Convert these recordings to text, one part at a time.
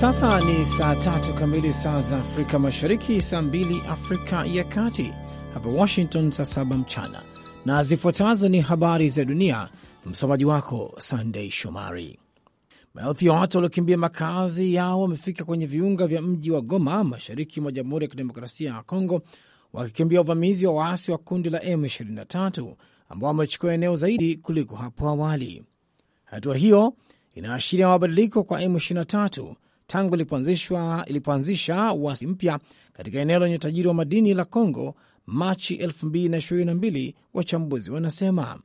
sasa ni saa tatu kamili saa za Afrika Mashariki, saa mbili Afrika ya Kati, hapa Washington saa saba mchana, na zifuatazo ni habari za dunia. Msomaji wako Sandei Shomari. Maelfu ya watu waliokimbia makazi yao wamefika kwenye viunga vya mji wa Goma, mashariki mwa Jamhuri ya Kidemokrasia ya Kongo, wakikimbia uvamizi wa waasi wa kundi la M23 ambao wamechukua eneo zaidi kuliko hapo awali. Hatua hiyo inaashiria mabadiliko kwa M23 tangu ilipoanzisha uasi mpya katika eneo lenye utajiri wa madini la Congo Machi 2022. Wachambuzi wanasema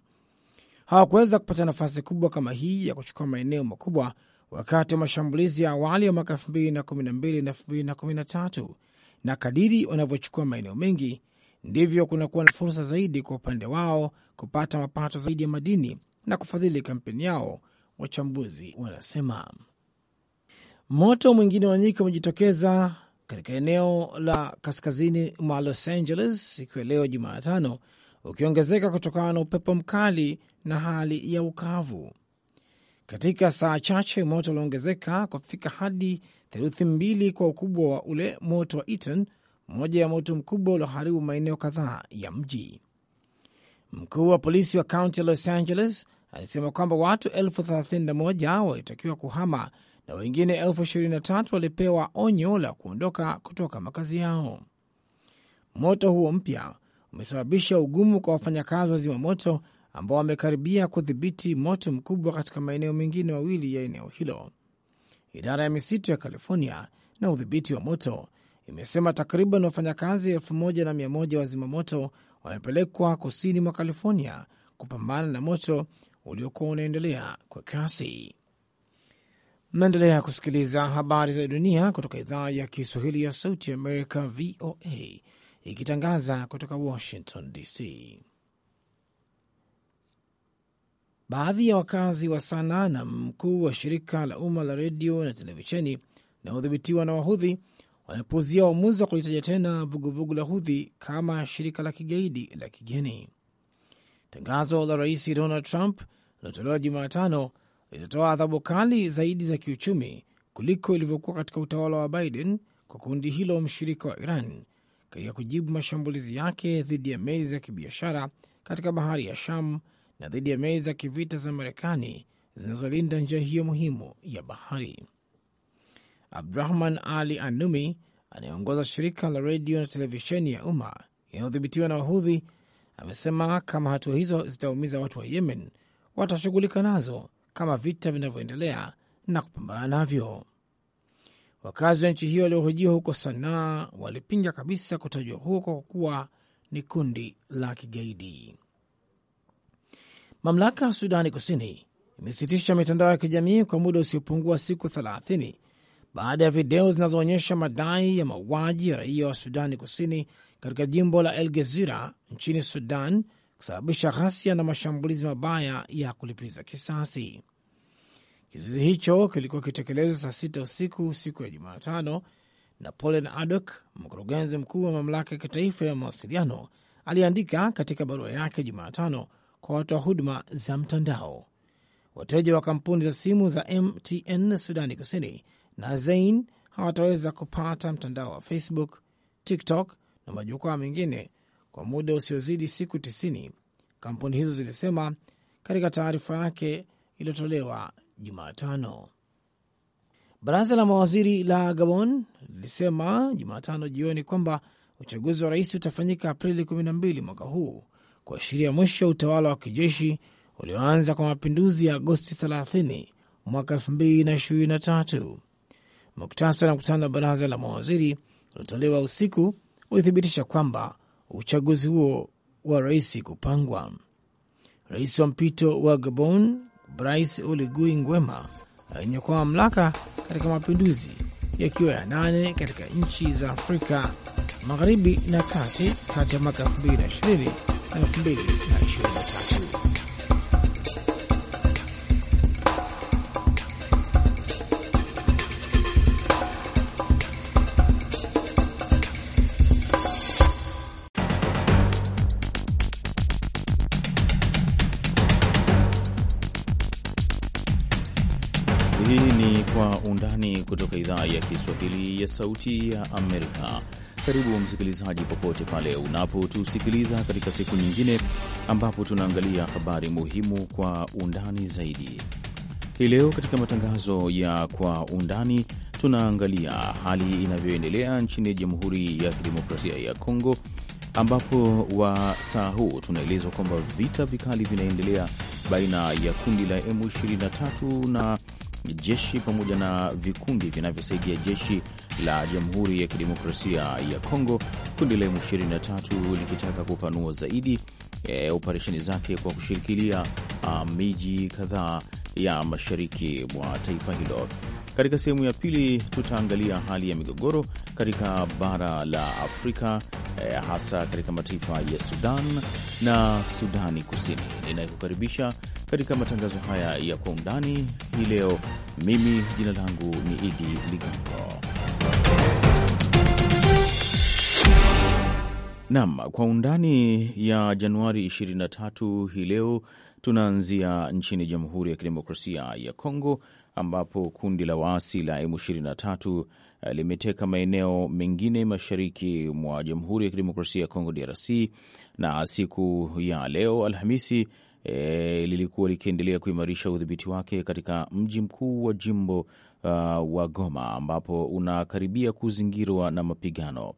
hawakuweza kupata nafasi kubwa kama hii ya kuchukua maeneo makubwa wakati wa mashambulizi ya awali ya mwaka 2012 na 2013, na kadiri wanavyochukua maeneo mengi ndivyo kunakuwa na fursa zaidi kwa upande wao kupata mapato zaidi ya madini na kufadhili kampeni yao, wachambuzi wanasema. Moto mwingine wa nyika umejitokeza katika eneo la kaskazini mwa Los Angeles siku ya leo Jumatano, ukiongezeka kutokana na upepo mkali na hali ya ukavu. Katika saa chache moto uliongezeka kwa kufika hadi theluthi mbili kwa ukubwa wa ule moto wa Eaton, mmoja ya moto mkubwa ulioharibu maeneo kadhaa ya mji. Mkuu wa polisi wa kaunti ya Los Angeles alisema kwamba watu elfu thelathini na moja walitakiwa kuhama na wengine elfu ishirini na tatu walipewa onyo la kuondoka kutoka makazi yao. Moto huo mpya umesababisha ugumu kwa wafanyakazi wa zimamoto ambao wamekaribia kudhibiti moto mkubwa katika maeneo mengine mawili ya eneo hilo. Idara ya misitu ya California na udhibiti wa moto imesema takriban wafanyakazi elfu moja na mia moja wa zimamoto wamepelekwa kusini mwa California kupambana na moto uliokuwa unaendelea kwa kasi naendelea kusikiliza habari za dunia kutoka idhaa ya Kiswahili ya Sauti ya Amerika, VOA, ikitangaza kutoka Washington DC. Baadhi ya wakazi wa Sana na mkuu wa shirika la umma la redio na televisheni linalodhibitiwa na Wahudhi wamepuuzia uamuzi wa kulitaja tena vuguvugu la Hudhi kama shirika la kigaidi la kigeni. Tangazo la Rais Donald Trump lilotolewa Jumatano litatoa adhabu kali zaidi za kiuchumi kuliko ilivyokuwa katika utawala wa Biden kwa kundi hilo mshirika wa Iran katika kujibu mashambulizi yake dhidi ya meli za kibiashara katika bahari ya Sham na dhidi ya meli za kivita za Marekani zinazolinda njia hiyo muhimu ya bahari. Abdurahman Ali Anumi anayeongoza shirika la redio na televisheni ya umma inayodhibitiwa na Wahudhi amesema kama hatua hizo zitaumiza watu wa Yemen, watashughulika nazo kama vita vinavyoendelea na kupambana navyo. Wakazi wa nchi hiyo waliohojiwa huko Sanaa walipinga kabisa kutajwa huko kwa kuwa ni kundi la kigaidi. Mamlaka ya Sudani Kusini imesitisha mitandao ya kijamii kwa muda usiopungua siku 30 baada ya video zinazoonyesha madai ya mauaji ya raia wa Sudani Kusini katika jimbo la El Gezira nchini Sudan kusababisha ghasia na mashambulizi mabaya ya kulipiza kisasi. Kizuizi hicho kilikuwa kitekelezwa saa sita usiku siku ya Jumatano, na Polen Adok, mkurugenzi mkuu wa mamlaka ya kitaifa ya mawasiliano, aliandika katika barua yake Jumatano kwa watoa huduma za mtandao. Wateja wa kampuni za simu za MTN Sudani Kusini na Zain hawataweza kupata mtandao wa Facebook, TikTok na majukwaa mengine kwa muda usiozidi siku 90, kampuni hizo zilisema katika taarifa yake iliyotolewa Jumatano. Baraza la mawaziri la Gabon lilisema Jumatano jioni kwamba uchaguzi wa rais utafanyika Aprili 12 mwaka huu kuashiria mwisho wa utawala wa kijeshi ulioanza kwa mapinduzi ya Agosti 30 mwaka 2023. Muktasari wa mkutano wa baraza la mawaziri uliotolewa usiku ulithibitisha kwamba uchaguzi huo wa rais kupangwa. Rais wa mpito wa Gabon Brice Oligui Nguema alinyakua mamlaka katika mapinduzi yakiwa ya nane katika nchi za Afrika magharibi na kati kati ya mwaka 2020 na 2020. ya Sauti ya Amerika. Karibu msikilizaji, popote pale unapotusikiliza katika siku nyingine ambapo tunaangalia habari muhimu kwa undani zaidi. Hii leo katika matangazo ya Kwa Undani tunaangalia hali inavyoendelea nchini Jamhuri ya Kidemokrasia ya Kongo, ambapo wa saa huu tunaelezwa kwamba vita vikali vinaendelea baina ya kundi la M23 na jeshi pamoja na vikundi vinavyosaidia jeshi la Jamhuri ya Kidemokrasia ya Kongo, kundi la M23 likitaka kupanua zaidi e, operesheni zake kwa kushirikilia miji kadhaa ya mashariki mwa taifa hilo. Katika sehemu ya pili tutaangalia hali ya migogoro katika bara la Afrika eh, hasa katika mataifa ya Sudan na Sudani Kusini. Ninayekukaribisha katika matangazo haya ya kwa undani hii leo, mimi jina langu ni Idi Ligongo. Nam kwa undani ya Januari 23 hii leo tunaanzia nchini Jamhuri ya Kidemokrasia ya Kongo ambapo kundi la waasi la M23 eh, limeteka maeneo mengine mashariki mwa Jamhuri ya Kidemokrasia ya Kongo, DRC, na siku ya leo Alhamisi e, lilikuwa likiendelea kuimarisha udhibiti wake katika mji mkuu wa jimbo uh, wa Goma, ambapo unakaribia kuzingirwa na mapigano.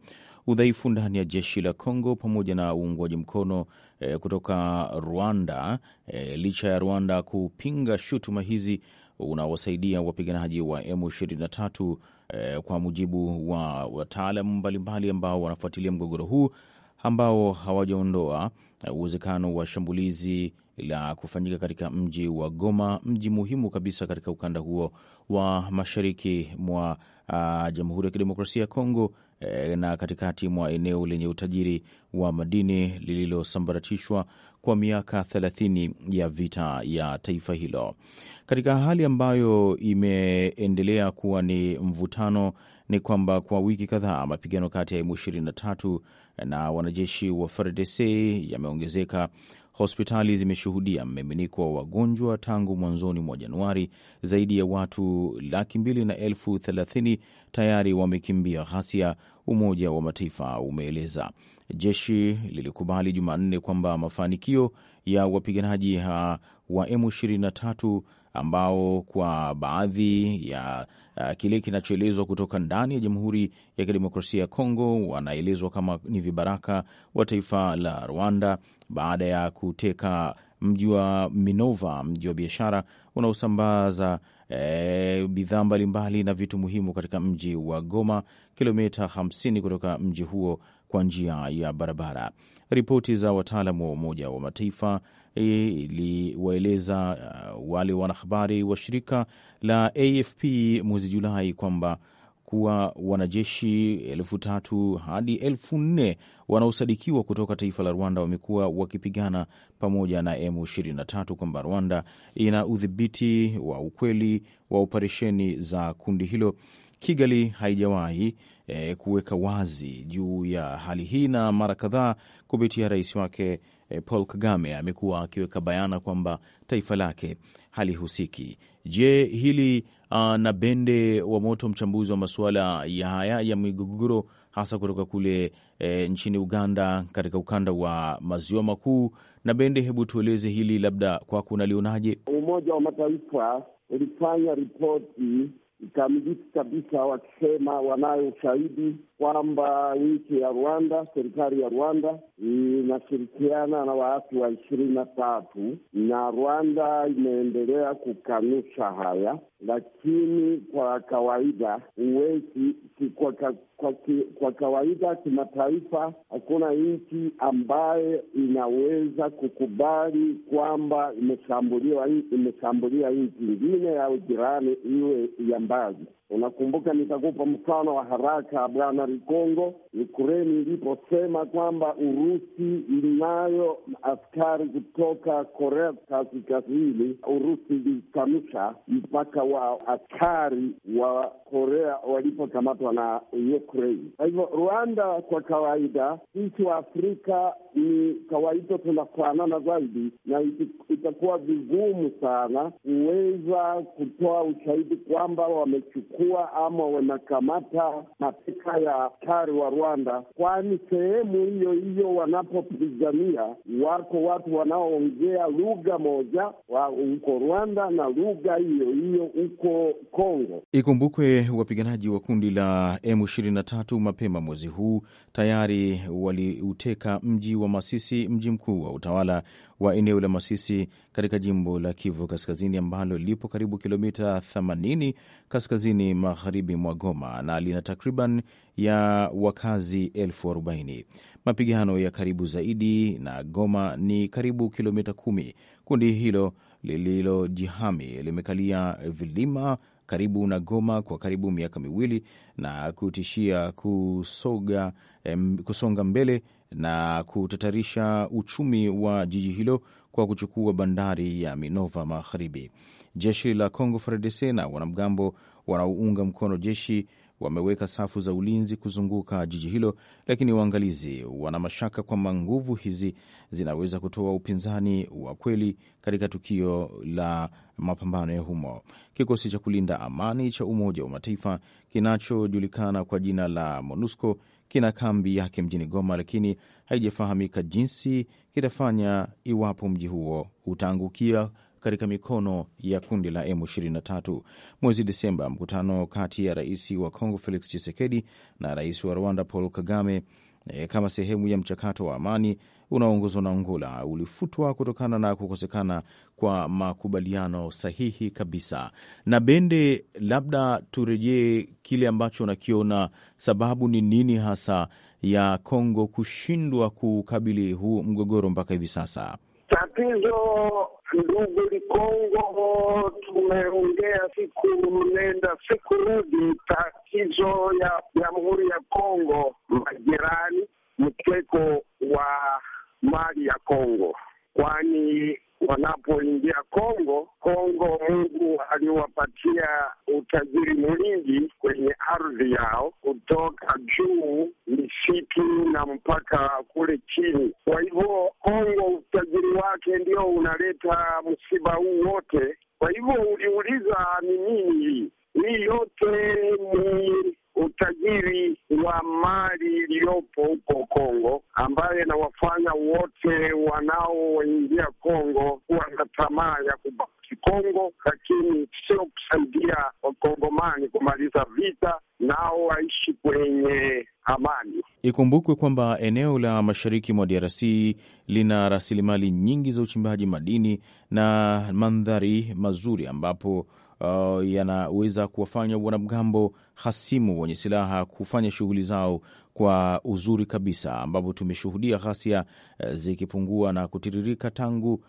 Udhaifu ndani ya jeshi la Kongo pamoja na uungwaji mkono e, kutoka Rwanda e, licha ya Rwanda kupinga shutuma hizi unaosaidia wapiganaji wa M23 eh, kwa mujibu wa wataalamu mbalimbali ambao wanafuatilia mgogoro huu ambao hawajaondoa eh, uwezekano wa shambulizi la kufanyika katika mji wa Goma, mji muhimu kabisa katika ukanda huo wa mashariki mwa uh, Jamhuri ya Kidemokrasia ya Kongo Eh, na katikati mwa eneo lenye utajiri wa madini lililosambaratishwa kwa miaka 30 ya vita ya taifa hilo, katika hali ambayo imeendelea kuwa ni mvutano. Ni kwamba kwa wiki kadhaa mapigano kati ya M23 na wanajeshi wa FARDC yameongezeka Hospitali zimeshuhudia mmiminiko wa wagonjwa tangu mwanzoni mwa Januari. Zaidi ya watu laki mbili na elfu thelathini tayari wamekimbia ghasia, Umoja wa Mataifa umeeleza. Jeshi lilikubali Jumanne kwamba mafanikio ya wapiganaji wa M23 ambao kwa baadhi ya uh, kile kinachoelezwa kutoka ndani ya Jamhuri ya Kidemokrasia ya Kongo, wanaelezwa kama ni vibaraka wa taifa la Rwanda baada ya kuteka mji wa Minova, mji wa biashara unaosambaza e, bidhaa mbalimbali na vitu muhimu katika mji wa Goma, kilomita 50 kutoka mji huo kwa njia ya barabara. Ripoti za wataalamu wa Umoja wa Mataifa iliwaeleza uh, wale wanahabari wa shirika la AFP mwezi Julai kwamba kuwa wanajeshi elfu tatu hadi elfu nne wanaosadikiwa kutoka taifa la Rwanda wamekuwa wakipigana pamoja na M23, kwamba Rwanda ina udhibiti wa ukweli wa operesheni za kundi hilo. Kigali haijawahi e, kuweka wazi juu ya hali hii, na mara kadhaa kupitia rais wake Eh, Paul Kagame amekuwa akiweka bayana kwamba taifa lake halihusiki. Je, hili uh, na Bende wa Moto, mchambuzi wa masuala ya haya ya migogoro hasa kutoka kule e, nchini Uganda katika ukanda wa maziwa makuu. Na Bende, hebu tueleze hili labda kwako unalionaje? Umoja wa Mataifa ulifanya ripoti kamiliki kabisa, wakisema wanayo ushahidi kwamba nchi ya Rwanda, serikali ya Rwanda inashirikiana na waasi wa ishirini na tatu, na Rwanda imeendelea kukanusha haya, lakini kwa kawaida huwezi si kwa kwa, ki, kwa kawaida kimataifa, hakuna nchi ambaye inaweza kukubali kwamba imeshambulia nchi ingine au jirani iwe ya mbali. Unakumbuka nikakupa mfano wa haraka Bwana Rikongo Ukreni iliposema kwamba Urusi inayo askari kutoka Korea Kaskazini. Urusi ilitamka mpaka wa askari wa Korea walipokamatwa na ukraini Kwa hivyo, Rwanda kwa kawaida, sisi wa Afrika ni kawaida tunafanana zaidi, na itakuwa vigumu sana kuweza kutoa ushahidi kwamba wamechukua wanachukua ama wanakamata mateka ya askari wa Rwanda, kwani sehemu hiyo hiyo wanapopigania wako watu wanaoongea lugha moja huko Rwanda na lugha hiyo hiyo huko Kongo. Ikumbukwe wapiganaji wa kundi la M23 mapema mwezi huu tayari waliuteka mji wa Masisi, mji mkuu wa utawala wa eneo la Masisi katika jimbo la Kivu Kaskazini ambalo lipo karibu kilomita 80 kaskazini magharibi mwa Goma na lina takriban ya wakazi elfu arobaini. Mapigano ya karibu zaidi na Goma ni karibu kilomita kumi. Kundi hilo lililojihami limekalia vilima karibu na Goma kwa karibu miaka miwili na kutishia kusoga, em, kusonga mbele na kutatarisha uchumi wa jiji hilo kwa kuchukua bandari ya Minova Magharibi. Jeshi la congo FARDC na wanamgambo wanaounga mkono jeshi wameweka safu za ulinzi kuzunguka jiji hilo, lakini waangalizi wana mashaka kwamba nguvu hizi zinaweza kutoa upinzani wa kweli katika tukio la mapambano ya humo. Kikosi cha kulinda amani cha Umoja wa Mataifa kinachojulikana kwa jina la MONUSCO kina kambi yake mjini Goma, lakini haijafahamika jinsi kitafanya iwapo mji huo utaangukia katika mikono ya kundi la M23. Mwezi Desemba, mkutano kati ya rais wa Kongo Felix Tshisekedi na rais wa Rwanda Paul Kagame e, kama sehemu ya mchakato wa amani unaoongozwa na Angola ulifutwa kutokana na kukosekana kwa makubaliano sahihi kabisa. Na Bende, labda turejee kile ambacho unakiona, sababu ni nini hasa ya Kongo kushindwa kukabili huu mgogoro mpaka hivi sasa? Tatizo ndugu Likongo, tumeongea siku nenda siku rudi, tatizo ya jamhuri ya Kongo majirani, mteko wa mali ya Kongo, kwani wanapoingia Kongo, Kongo Mungu aliwapatia utajiri mwingi kwenye ardhi yao, kutoka juu misitu na mpaka kule chini. Kwa hivyo Kongo utajiri wake ndio unaleta msiba huu wote. Kwa hivyo uliuliza ni nini hii? Hii yote ni utajiri wa mali iliyopo huko Kongo, ambayo inawafanya wote wanaoingia Kongo kuwa na tamaa ya kubaki Kongo, lakini sio kusaidia Wakongomani kumaliza vita, nao waishi kwenye amani. Ikumbukwe kwamba eneo la mashariki mwa DRC lina rasilimali nyingi za uchimbaji madini na mandhari mazuri ambapo uh, yanaweza kuwafanya wanamgambo hasimu wenye silaha kufanya shughuli zao kwa uzuri kabisa, ambapo tumeshuhudia ghasia uh, zikipungua na kutiririka tangu uh,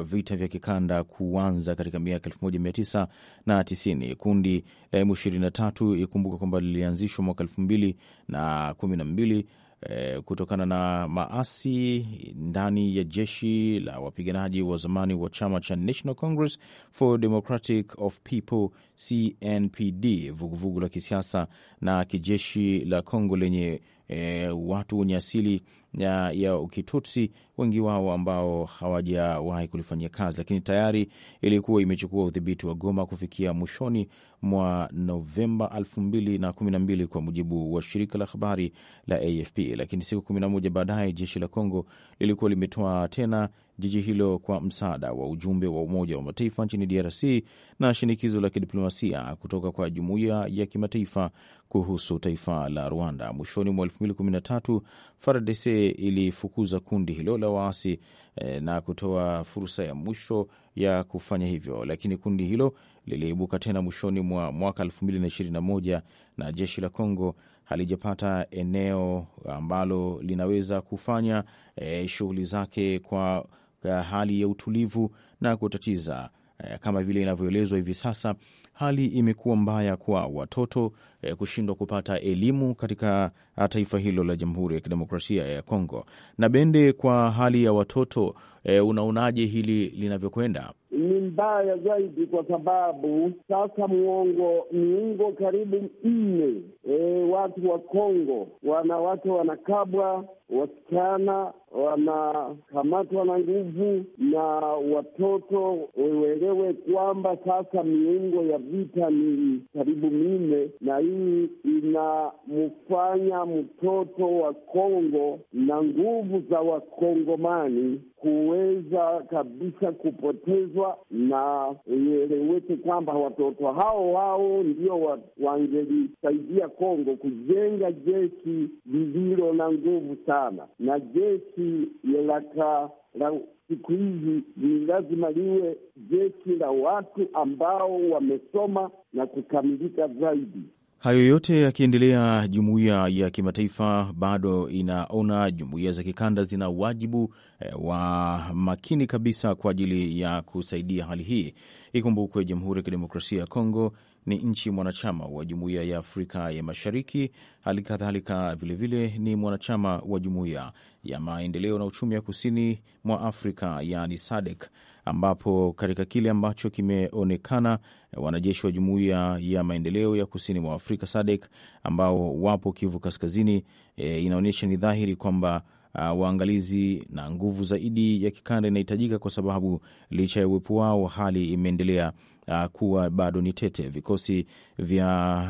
vita vya kikanda kuanza katika miaka 1990. Kundi M23 ikumbuka kwamba lilianzishwa mwaka 2012 Eh, kutokana na maasi ndani ya jeshi la wapiganaji wa zamani wa chama cha National Congress for Democratic of People CNPD, vuguvugu la kisiasa na kijeshi la congo lenye eh, watu wenye asili ya, ya Kitutsi, wengi wao ambao hawajawahi kulifanyia kazi, lakini tayari ilikuwa imechukua udhibiti wa Goma kufikia mwishoni mwa Novemba 2012 kwa mujibu wa shirika la habari la AFP. Lakini siku 11 baadaye jeshi la Kongo lilikuwa limetoa tena jiji hilo kwa msaada wa ujumbe wa Umoja wa Mataifa nchini DRC na shinikizo la kidiplomasia kutoka kwa jumuiya ya kimataifa kuhusu taifa la Rwanda. Mwishoni mwa 2013 FARDC ilifukuza kundi hilo la waasi e, na kutoa fursa ya mwisho ya kufanya hivyo, lakini kundi hilo liliibuka tena mwishoni mwa mwaka 2021 na jeshi la Kongo halijapata eneo ambalo linaweza kufanya e, shughuli zake kwa eh, hali ya utulivu na kutatiza e, kama vile inavyoelezwa hivi sasa hali imekuwa mbaya kwa watoto eh, kushindwa kupata elimu katika ah, taifa hilo la Jamhuri ya Kidemokrasia ya Kongo. Na Bende, kwa hali ya watoto e, unaonaje hili linavyokwenda? Ni mbaya zaidi kwa sababu sasa muongo miungo karibu nne, e, watu wa Kongo wanawake wanakabwa, wasichana wanakamatwa na nguvu na watoto. Uelewe kwamba sasa miungo ya vita ni karibu minne, na hii inamfanya mtoto wa Kongo na nguvu za Wakongomani kuweza kabisa kupotezwa, na ieleweke kwamba watoto hao wao ndio wangelisaidia Kongo kujenga jeshi lililo na nguvu sana, na jeshi laka la siku hizi ni lazima liwe jeshi la watu ambao wamesoma na kukamilika zaidi. Hayo yote yakiendelea, jumuiya ya kimataifa bado inaona jumuiya za kikanda zina wajibu eh, wa makini kabisa kwa ajili ya kusaidia hali hii. Ikumbukwe Jamhuri ya Kidemokrasia ya Kongo ni nchi mwanachama wa Jumuiya ya Afrika ya Mashariki, hali kadhalika vilevile ni mwanachama wa Jumuiya ya Maendeleo na Uchumi ya Kusini mwa Afrika, yani SADC, ambapo katika kile ambacho kimeonekana wanajeshi wa Jumuiya ya Maendeleo ya Kusini mwa Afrika SADC ambao wapo Kivu Kaskazini, e, inaonyesha ni dhahiri kwamba Uh, waangalizi na nguvu zaidi ya kikanda inahitajika, kwa sababu licha ya uwepo wao hali imeendelea uh, kuwa bado ni tete. Vikosi vya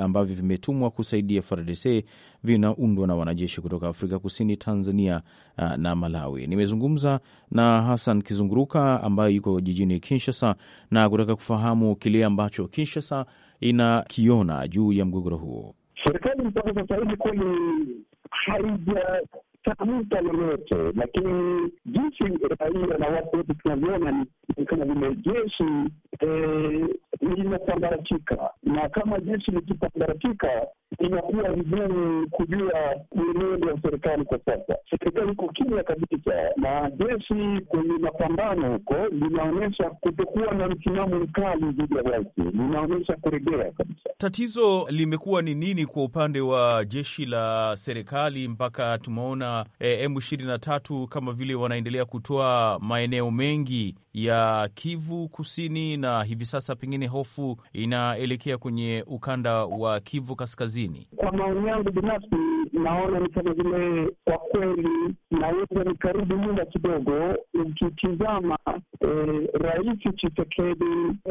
ambavyo vimetumwa kusaidia FARDC vinaundwa na wanajeshi kutoka Afrika Kusini, Tanzania uh, na Malawi. Nimezungumza na Hassan Kizunguruka ambaye yuko jijini Kinshasa na kutaka kufahamu kile ambacho Kinshasa inakiona juu ya mgogoro huo. Serikali mpaka sasa hivi kweli haija tamuda lolote, lakini jinsi raia na watu wote tunavyoona ni kama vile jeshi eh, linasambaratika, na kama jeshi likisambaratika inakuwa vigumu kujua mwenendo wa serikali kwa sasa. Serikali iko kimya kabisa, na jeshi kwenye mapambano huko linaonyesha kutokuwa na msimamo mkali dhidi ya waasi, linaonyesha kuregea kabisa. Tatizo limekuwa ni nini kwa upande wa jeshi la serikali mpaka tumeona eh, M ishirini na tatu kama vile wanaendelea kutoa maeneo mengi ya Kivu Kusini, na hivi sasa pengine hofu inaelekea kwenye ukanda wa Kivu Kaskazini nchini? Kwa maoni yangu binafsi, naona ni kama vile kwa kweli naweza ni karibu muda kidogo, ukitizama eh, Rais Chisekedi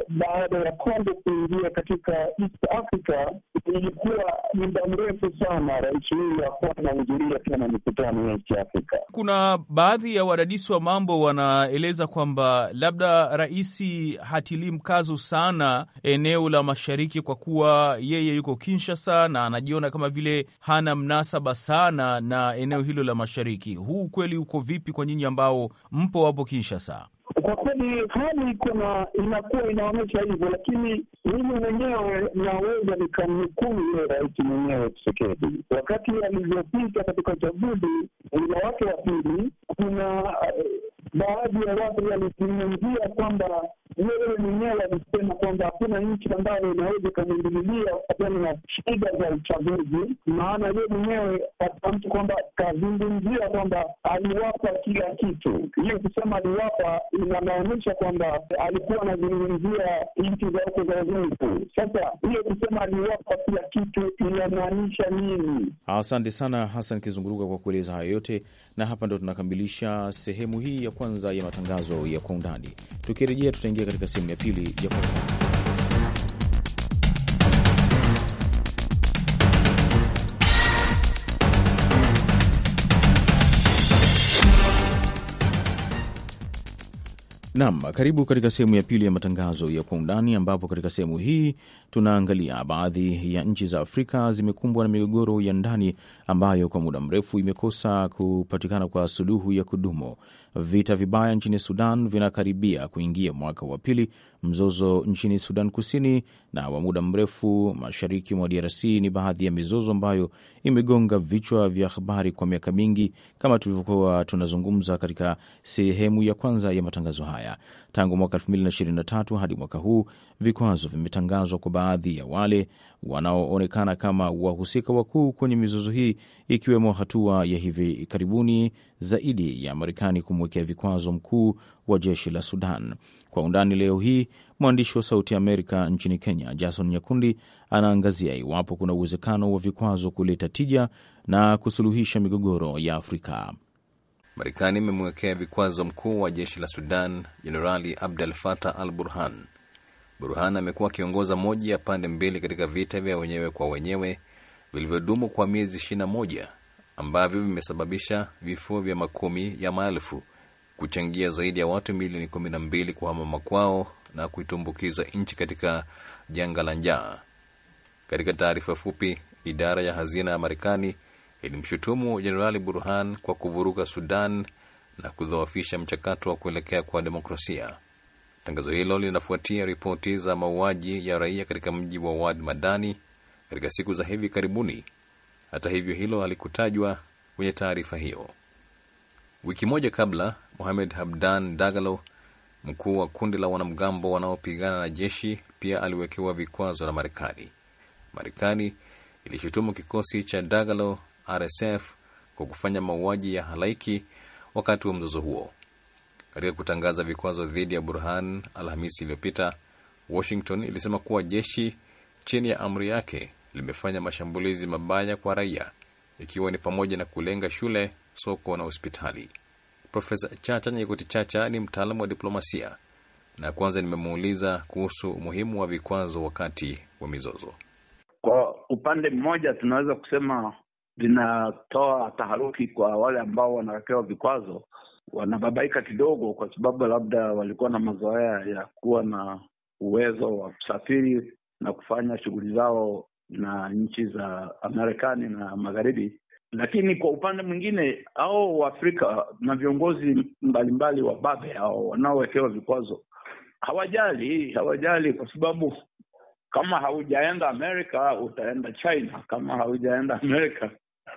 baada ya Kongo kuingia katika East Africa, ilikuwa muda mrefu sana rais huyu akuwa anahudhuria tena mikutano ya East Africa. Kuna baadhi ya wadadisi wa mambo wanaeleza kwamba labda rais hatilii mkazo sana eneo la mashariki kwa kuwa yeye yuko Kinshasa na anajiona kama vile hana mnasaba sana na eneo hilo la mashariki. Huu ukweli uko vipi kwa nyinyi ambao mpo hapo Kinshasa? Kwa kweli hali na inakuwa inaonyesha hivyo, lakini mimi mwenyewe naweza nikamhukumu yule rais mwenyewe Tshisekedi. Wakati alivyopita katika uchaguzi muda wake wa pili, kuna eh, baadhi ya watu walizungumzia kwamba wewe mwenyewe alisema kwamba hakuna nchi ambayo inaweza ikamwingililia kupatana na shida za uchaguzi. Maana yeye mwenyewe atamki kwamba kazungumzia kwamba aliwapa kila kitu. Hiyo kusema aliwapa inamaanisha kwamba alikuwa anazungumzia nchi za huko za Urusi. Sasa hiyo kusema aliwapa kila kitu inamaanisha nini? Asante sana Hasan Kizunguruka kwa kueleza hayo yote, na hapa ndo tunakamilisha sehemu hii ya kwanza ya matangazo ya kwa undani. Tukirejea tutaingia moja katika sehemu ya pili ya kwanza. Nam, karibu katika sehemu ya pili ya matangazo ya kwa undani, ambapo katika sehemu hii tunaangalia baadhi ya nchi za Afrika zimekumbwa na migogoro ya ndani ambayo kwa muda mrefu imekosa kupatikana kwa suluhu ya kudumu Vita vibaya nchini Sudan vinakaribia kuingia mwaka wa pili. Mzozo nchini Sudan Kusini na wa muda mrefu mashariki mwa DRC ni baadhi ya mizozo ambayo imegonga vichwa vya habari kwa miaka mingi, kama tulivyokuwa tunazungumza katika sehemu ya kwanza ya matangazo haya. Tangu mwaka 2023 hadi mwaka huu, vikwazo vimetangazwa kwa baadhi ya wale wanaoonekana kama wahusika wakuu kwenye mizozo hii, ikiwemo hatua ya hivi karibuni zaidi ya Marekani kumwekea vikwazo mkuu wa jeshi la Sudan. Kwa undani leo hii, mwandishi wa Sauti Amerika nchini Kenya, Jason Nyakundi, anaangazia iwapo kuna uwezekano wa vikwazo kuleta tija na kusuluhisha migogoro ya Afrika. Marekani imemwekea vikwazo mkuu wa jeshi la Sudan Jenerali Abdel Fattah al Burhan. Burhan amekuwa akiongoza moja ya pande mbili katika vita vya wenyewe kwa wenyewe vilivyodumu kwa miezi 21 ambavyo vimesababisha vifo vya makumi ya maelfu kuchangia zaidi ya watu milioni kumi na mbili kuhama makwao na kuitumbukiza nchi katika janga la njaa. Katika taarifa fupi, idara ya hazina ya Marekani ilimshutumu Jenerali Burhan kwa kuvuruga Sudan na kudhoofisha mchakato wa kuelekea kwa demokrasia. Tangazo hilo linafuatia ripoti za mauaji ya raia katika mji wa Wad Madani katika siku za hivi karibuni. Hata hivyo, hilo halikutajwa kwenye taarifa hiyo. Wiki moja kabla, Mohamed Hamdan Dagalo, mkuu wa kundi la wanamgambo wanaopigana na jeshi, pia aliwekewa vikwazo na Marekani. Marekani ilishutumu kikosi cha Dagalo, RSF, kwa kufanya mauaji ya halaiki wakati wa mzozo huo. Katika kutangaza vikwazo dhidi ya Burhan Alhamisi iliyopita, Washington ilisema kuwa jeshi chini ya amri yake limefanya mashambulizi mabaya kwa raia ikiwa ni pamoja na kulenga shule, soko na hospitali. Profesa Chacha Nyekoti Chacha ni mtaalamu wa diplomasia, na kwanza nimemuuliza kuhusu umuhimu wa vikwazo wakati wa mizozo. Kwa upande mmoja, tunaweza kusema vinatoa taharuki kwa wale ambao wanawekewa vikwazo, wanababaika kidogo, kwa sababu labda walikuwa na mazoea ya kuwa na uwezo wa kusafiri na kufanya shughuli zao na nchi za Marekani na Magharibi, lakini kwa upande mwingine hao Waafrika na viongozi mbalimbali wa babe hao wanaowekewa vikwazo hawajali, hawajali kwa sababu kama haujaenda Amerika utaenda China, kama haujaenda Amerika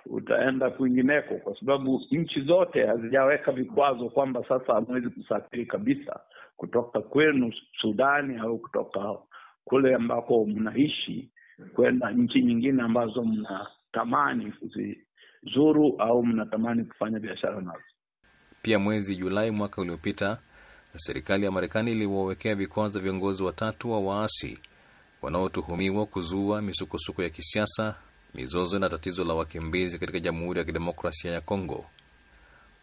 utaenda kwingineko, kwa sababu nchi zote hazijaweka vikwazo kwamba sasa hamwezi kusafiri kabisa kutoka kwenu Sudani au kutoka kule ambako mnaishi kwenda nchi nyingine ambazo mnatamani kuzizuru au mnatamani kufanya biashara nazo. Pia mwezi Julai mwaka uliopita, serikali ya Marekani iliwawekea vikwazo viongozi watatu wa waasi wanaotuhumiwa kuzua misukosuko ya kisiasa, mizozo na tatizo la wakimbizi katika Jamhuri ya Kidemokrasia ya Kongo.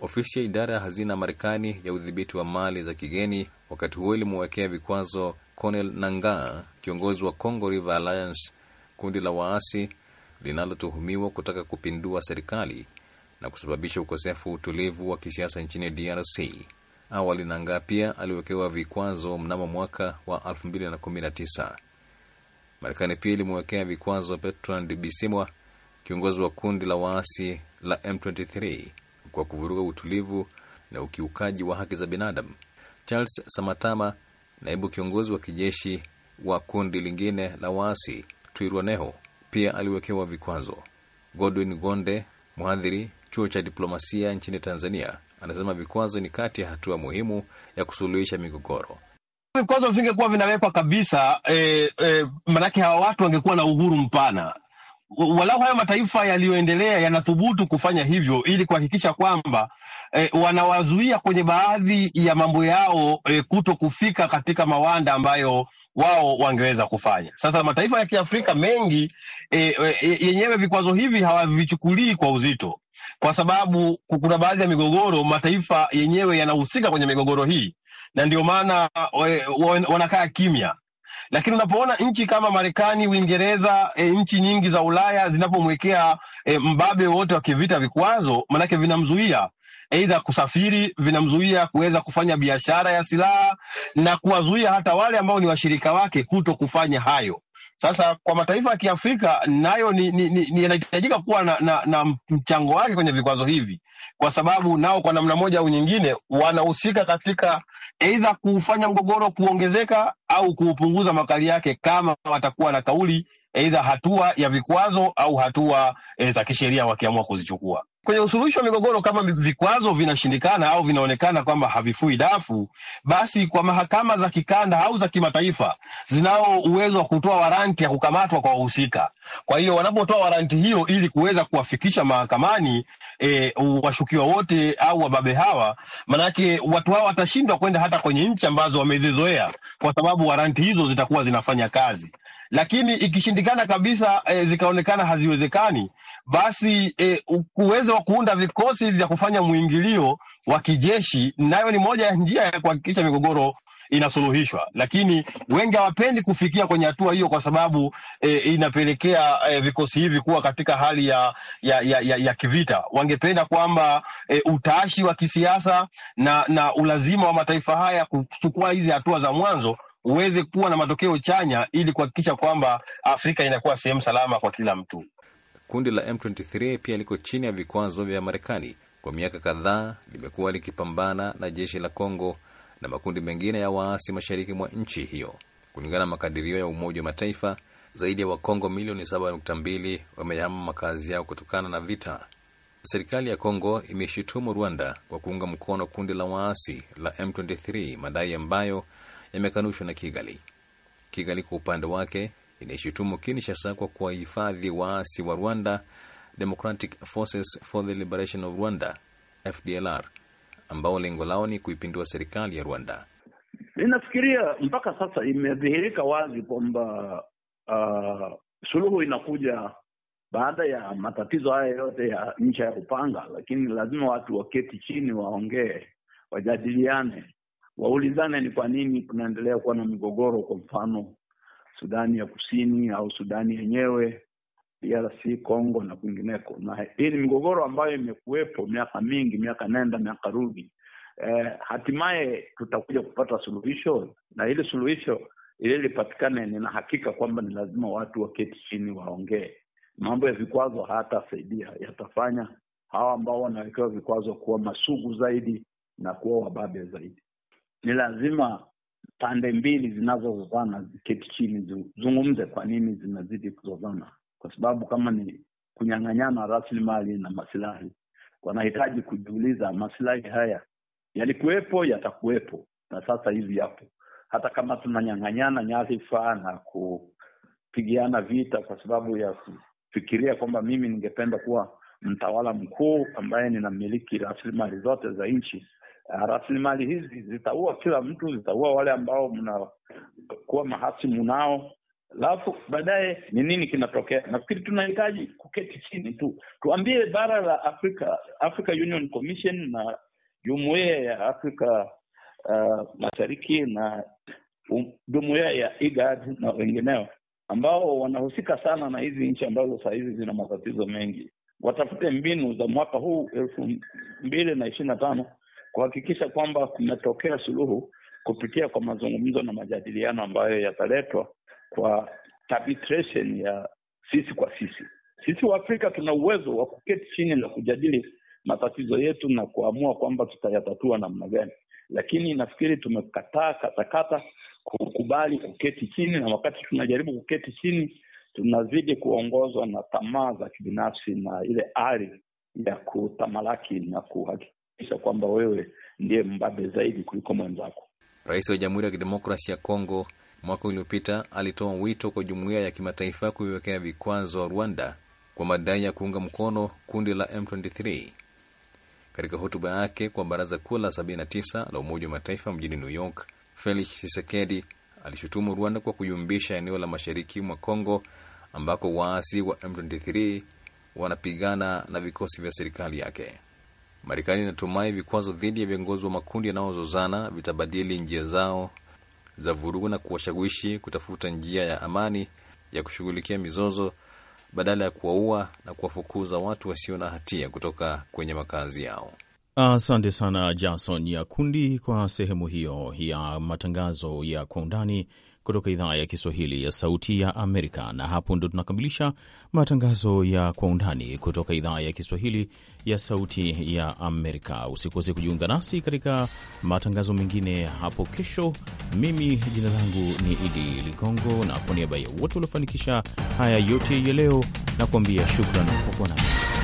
Ofisi ya idara ya hazina Marekani ya udhibiti wa mali za kigeni wakati huo ilimwekea vikwazo Colonel Nanga, kiongozi wa Congo River Alliance kundi la waasi linalotuhumiwa kutaka kupindua serikali na kusababisha ukosefu utulivu wa kisiasa nchini DRC. Awali Nangaa pia aliwekewa vikwazo mnamo mwaka wa 2019. Marekani pia ilimwekea vikwazo Bertrand Bisimwa, kiongozi wa kundi la waasi la M23 kwa kuvuruga utulivu na ukiukaji wa haki za binadamu. Charles Samatama, naibu kiongozi wa kijeshi wa kundi lingine la waasi Twirwaneho pia aliwekewa vikwazo. Godwin Gonde, mhadhiri chuo cha diplomasia nchini Tanzania, anasema vikwazo ni kati ya hatua muhimu ya kusuluhisha migogoro. Vikwazo vingekuwa vinawekwa kabisa, e, e, manake hawa watu wangekuwa na uhuru mpana walau hayo mataifa yaliyoendelea yanathubutu kufanya hivyo ili kuhakikisha kwamba eh, wanawazuia kwenye baadhi ya mambo yao eh, kuto kufika katika mawanda ambayo wao wangeweza kufanya. Sasa mataifa ya Kiafrika mengi eh, eh, yenyewe vikwazo hivi hawavichukulii kwa uzito, kwa sababu kuna baadhi ya migogoro mataifa yenyewe yanahusika kwenye migogoro hii, na ndio maana eh, wanakaa kimya lakini unapoona nchi kama Marekani, Uingereza, e, nchi nyingi za Ulaya zinapomwekea e, mbabe wote wa kivita vikwazo, manake vinamzuia aidha kusafiri, vinamzuia kuweza kufanya biashara ya silaha na kuwazuia hata wale ambao ni washirika wake kuto kufanya hayo. Sasa kwa mataifa ya Kiafrika nayo ni, ni, ni, yanahitajika kuwa na, na, na mchango wake kwenye vikwazo hivi, kwa sababu nao kwa namna moja au nyingine wanahusika katika aidha kufanya mgogoro kuongezeka au kuupunguza makali yake kama watakuwa na kauli aidha hatua ya vikwazo au hatua e, za kisheria wakiamua kuzichukua kwenye usuluhishi wa migogoro. Kama vikwazo vinashindikana au vinaonekana kwamba havifui dafu, basi kwa mahakama za kikanda au za kimataifa zinao uwezo wa kutoa waranti ya kukamatwa kwa wahusika. Kwa hiyo wanapotoa waranti hiyo ili kuweza kuwafikisha mahakamani e, washukiwa wote au wababe hawa, manake watu hao watashindwa kwenda hata kwenye nchi ambazo wamezizoea, kwa sababu waranti hizo zitakuwa zinafanya kazi lakini ikishindikana kabisa e, zikaonekana haziwezekani, basi e, uwezo wa kuunda vikosi vya kufanya mwingilio wa kijeshi nayo ni moja ya njia ya kuhakikisha migogoro inasuluhishwa, lakini wengi hawapendi kufikia kwenye hatua hiyo kwa sababu e, inapelekea e, vikosi hivi kuwa katika hali ya, ya, ya, ya, ya kivita. Wangependa kwamba e, utashi wa kisiasa na, na ulazima wa mataifa haya kuchukua hizi hatua za mwanzo uweze kuwa na matokeo chanya ili kuhakikisha kwamba Afrika inakuwa sehemu salama kwa kila mtu. Kundi la M23 pia liko chini ya vikwazo vya Marekani. Kwa miaka kadhaa limekuwa likipambana na jeshi la Kongo na makundi mengine ya waasi mashariki mwa nchi hiyo. Kulingana na makadirio ya Umoja wa Mataifa, zaidi ya Wakongo milioni 7.2 wamehama makazi yao kutokana na vita. Serikali ya Kongo imeshutumu Rwanda kwa kuunga mkono kundi la waasi la M23, madai ambayo imekanushwa na Kigali. Kigali kwa upande wake inaishutumu Kinshasa kwa kuwahifadhi waasi wa Rwanda Democratic Forces for the Liberation of Rwanda FDLR ambao lengo lao ni kuipindua serikali ya Rwanda. Ninafikiria mpaka sasa imedhihirika wazi kwamba uh, suluhu inakuja baada ya matatizo haya yote ya ncha ya upanga, lakini lazima watu waketi chini, waongee, wajadiliane waulizane ni kwa nini kunaendelea kuwa na migogoro, kwa mfano Sudani ya Kusini au Sudani yenyewe, DRC Congo na kwingineko. Na hii ni migogoro ambayo imekuwepo miaka mingi, miaka nenda miaka rudi. Eh, hatimaye tutakuja kupata suluhisho, na ile suluhisho ile lipatikane, nina hakika kwamba ni lazima watu waketi chini waongee. Mambo ya vikwazo hayatasaidia, yatafanya hawa ambao wanawekewa vikwazo kuwa masugu zaidi na kuwa wababe zaidi ni lazima pande mbili zinazozozana ziketi chini zungumze kwa nini zinazidi kuzozana, kwa sababu kama ni kunyang'anyana rasilimali na masilahi, wanahitaji kujiuliza masilahi haya yalikuwepo, yatakuwepo na sasa hivi yapo, hata kama tunanyang'anyana nyarifa na kupigiana vita kwa sababu ya kufikiria kwamba mimi ningependa kuwa mtawala mkuu ambaye ninamiliki rasilimali zote za nchi Eh, rasilimali hizi zitaua kila mtu, zitaua wale ambao mnakuwa mahasimu nao, alafu baadaye ni nini kinatokea? Nafikiri tunahitaji kuketi chini tu tuambie bara la Afrika, Africa Union Commission na jumuiya ya Afrika uh, Mashariki na um, jumuiya um, ya IGAD na wengineo ambao wanahusika sana na hizi nchi ambazo saa hizi zina matatizo mengi watafute mbinu za mwaka huu elfu mbili na ishirini na tano kuhakikisha kwamba kumetokea suluhu kupitia kwa mazungumzo na majadiliano ambayo yataletwa kwa arbitration ya sisi kwa sisi. Sisi wa Afrika tuna uwezo wa kuketi chini na kujadili matatizo yetu na kuamua kwamba tutayatatua namna gani, lakini nafikiri tumekataa katakata kukubali kuketi chini, na wakati tunajaribu kuketi chini tunazidi kuongozwa na tamaa za kibinafsi na ile ari ya kutamalaki na kuhaki kuhakikisha kwamba wewe ndiye mbabe zaidi kuliko mwenzako. Rais wa Jamhuri ya Kidemokrasi ya Kongo mwaka uliopita alitoa wito kwa jumuiya ya kimataifa kuiwekea vikwazo Rwanda kwa madai ya kuunga mkono kundi la M23. Katika hotuba yake kwa baraza kuu la 79 la Umoja wa Mataifa mjini New York, Felix Tshisekedi alishutumu Rwanda kwa kuyumbisha eneo la mashariki mwa Kongo ambako waasi wa M23 wanapigana na vikosi vya serikali yake. Marekani inatumai vikwazo dhidi ya viongozi wa makundi yanayozozana vitabadili njia zao za vurugu na kuwashawishi kutafuta njia ya amani ya kushughulikia mizozo badala ya kuwaua na kuwafukuza watu wasio na hatia kutoka kwenye makazi yao. Asante sana Jason Nyakundi kwa sehemu hiyo ya matangazo ya Kwa Undani kutoka idhaa ya Kiswahili ya Sauti ya Amerika. Na hapo ndo tunakamilisha matangazo ya Kwa Undani kutoka idhaa ya Kiswahili ya Sauti ya Amerika. Usikose kujiunga nasi katika matangazo mengine hapo kesho. Mimi jina langu ni Idi Ligongo, na kwa niaba ya wote waliofanikisha haya yote ya leo, na kuambia shukran kwa kuwa nami.